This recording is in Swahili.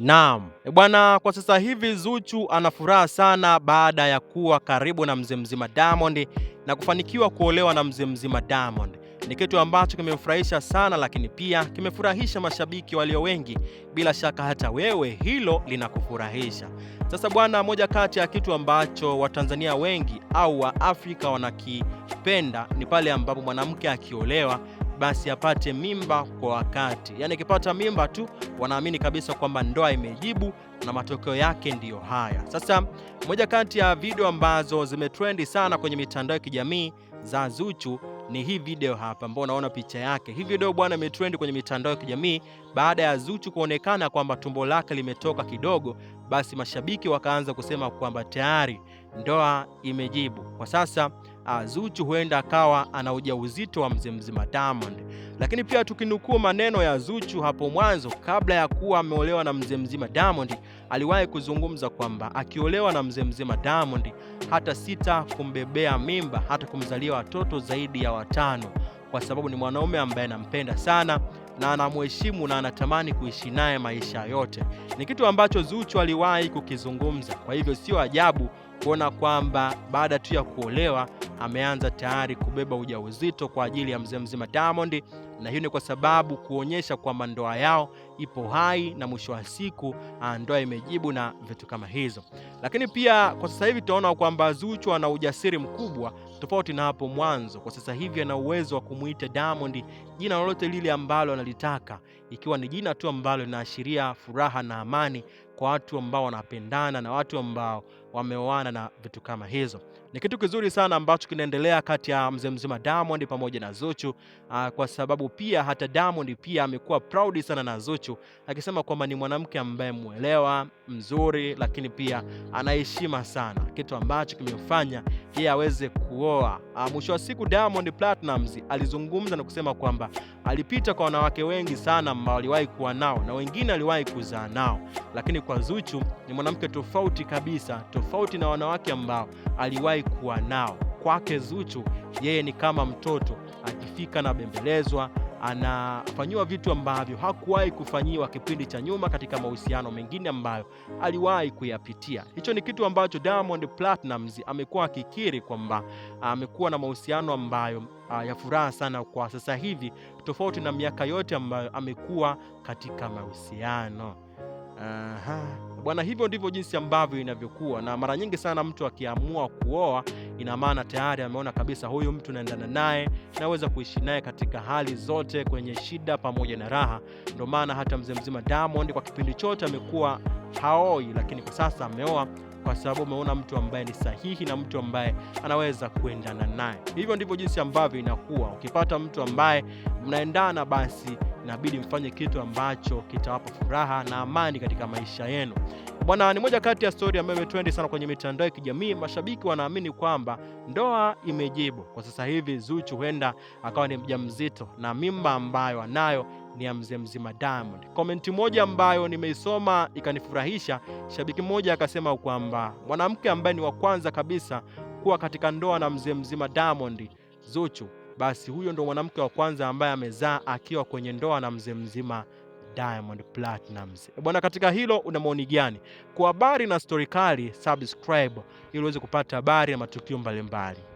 Naam, bwana, kwa sasa hivi Zuchu ana furaha sana baada ya kuwa karibu na mzee mzima Diamond na kufanikiwa kuolewa na mzee mzima Diamond. Ni kitu ambacho kimemfurahisha sana, lakini pia kimefurahisha mashabiki walio wengi. Bila shaka hata wewe hilo linakufurahisha. Sasa bwana, moja kati ya kitu ambacho Watanzania wengi au Waafrika wanakipenda ni pale ambapo mwanamke akiolewa basi apate mimba kwa wakati. Yaani akipata mimba tu wanaamini kabisa kwamba ndoa imejibu na matokeo yake ndiyo haya. Sasa moja kati ya video ambazo zimetrendi sana kwenye mitandao ya kijamii za Zuchu ni hii video hapa ambao unaona picha yake. Hii video bwana imetrend kwenye mitandao ya kijamii baada ya Zuchu kuonekana kwamba tumbo lake limetoka kidogo, basi mashabiki wakaanza kusema kwamba tayari ndoa imejibu. Kwa sasa Ah, Zuchu huenda akawa ana ujauzito wa mzee Mzima Diamond. Lakini pia tukinukuu maneno ya Zuchu hapo mwanzo, kabla ya kuwa ameolewa na mzee Mzima Diamond, aliwahi kuzungumza kwamba akiolewa na mzee Mzima Diamond hata sita kumbebea mimba, hata kumzalia watoto zaidi ya watano, kwa sababu ni mwanaume ambaye anampenda sana na anamheshimu na anatamani kuishi naye maisha yote. Ni kitu ambacho Zuchu aliwahi kukizungumza, kwa hivyo sio ajabu kuona kwamba baada tu ya kuolewa ameanza tayari kubeba ujauzito kwa ajili ya mzee mzima Diamond, na hiyo ni kwa sababu kuonyesha kwamba ndoa yao ipo hai na mwisho wa siku ah, ndoa imejibu na vitu kama hizo. Lakini pia kwa sasa hivi tunaona kwamba Zuchu ana ujasiri mkubwa tofauti na hapo mwanzo. Kwa sasa hivi ana uwezo wa kumuita Diamond jina lolote lile ambalo analitaka, ikiwa ni jina tu ambalo linaashiria furaha na amani kwa watu ambao wanapendana na watu ambao wameoana na vitu kama hizo. Ni kitu kizuri sana ambacho kinaendelea kati ya mzee mzima Diamond pamoja na Zuchu, ah, kwa sababu pia hata Diamond pia amekuwa proud sana na Zuchu, akisema kwamba ni mwanamke ambaye mwelewa mzuri, lakini pia anaheshima sana, kitu ambacho kimemfanya yeye aweze kuoa. Ah, mwisho wa siku Diamond Platnumz alizungumza na kusema kwamba alipita kwa wanawake wengi sana ambao aliwahi kuwa nao na wengine aliwahi kuzaa nao, lakini kwa Zuchu ni mwanamke tofauti kabisa, tofauti na wanawake ambao aliwahi kuwa nao. Kwake Zuchu yeye ni kama mtoto, akifika anabembelezwa, anafanyiwa vitu ambavyo hakuwahi kufanyiwa kipindi cha nyuma katika mahusiano mengine ambayo aliwahi kuyapitia. Hicho ni kitu ambacho Diamond Platnumz amekuwa akikiri kwamba amekuwa na mahusiano ambayo ya furaha sana kwa sasa hivi, tofauti na miaka yote ambayo amekuwa katika mahusiano. Aha. Bwana, hivyo ndivyo jinsi ambavyo inavyokuwa, na mara nyingi sana mtu akiamua kuoa, ina maana tayari ameona kabisa huyu mtu naendana naye, naweza kuishi naye katika hali zote, kwenye shida pamoja na raha. Ndio maana hata mzee mzima Diamond kwa kipindi chote amekuwa haoi, lakini kwa sasa ameoa kwa sababu ameona mtu ambaye ni sahihi na mtu ambaye anaweza kuendana naye. Hivyo ndivyo jinsi ambavyo inakuwa, ukipata mtu ambaye mnaendana basi inabidi mfanye kitu ambacho kitawapa furaha na amani katika maisha yenu. Bwana, ni moja kati ya stori ambayo imetrendi sana kwenye mitandao ya kijamii. Mashabiki wanaamini kwamba ndoa imejibu. Kwa sasa hivi Zuchu huenda akawa ni mjamzito na mimba ambayo anayo ni ya mzee mzima Diamond. Komenti moja ambayo nimeisoma ikanifurahisha, shabiki mmoja akasema kwamba mwanamke ambaye ni wa kwanza kabisa kuwa katika ndoa na mzee mzima Diamond, Zuchu basi huyo ndo mwanamke wa kwanza ambaye amezaa akiwa kwenye ndoa na mzee mzima Diamond Platnumz. E bwana, katika hilo una maoni gani? Kwa habari na story kali, subscribe ili uweze kupata habari na matukio mbalimbali.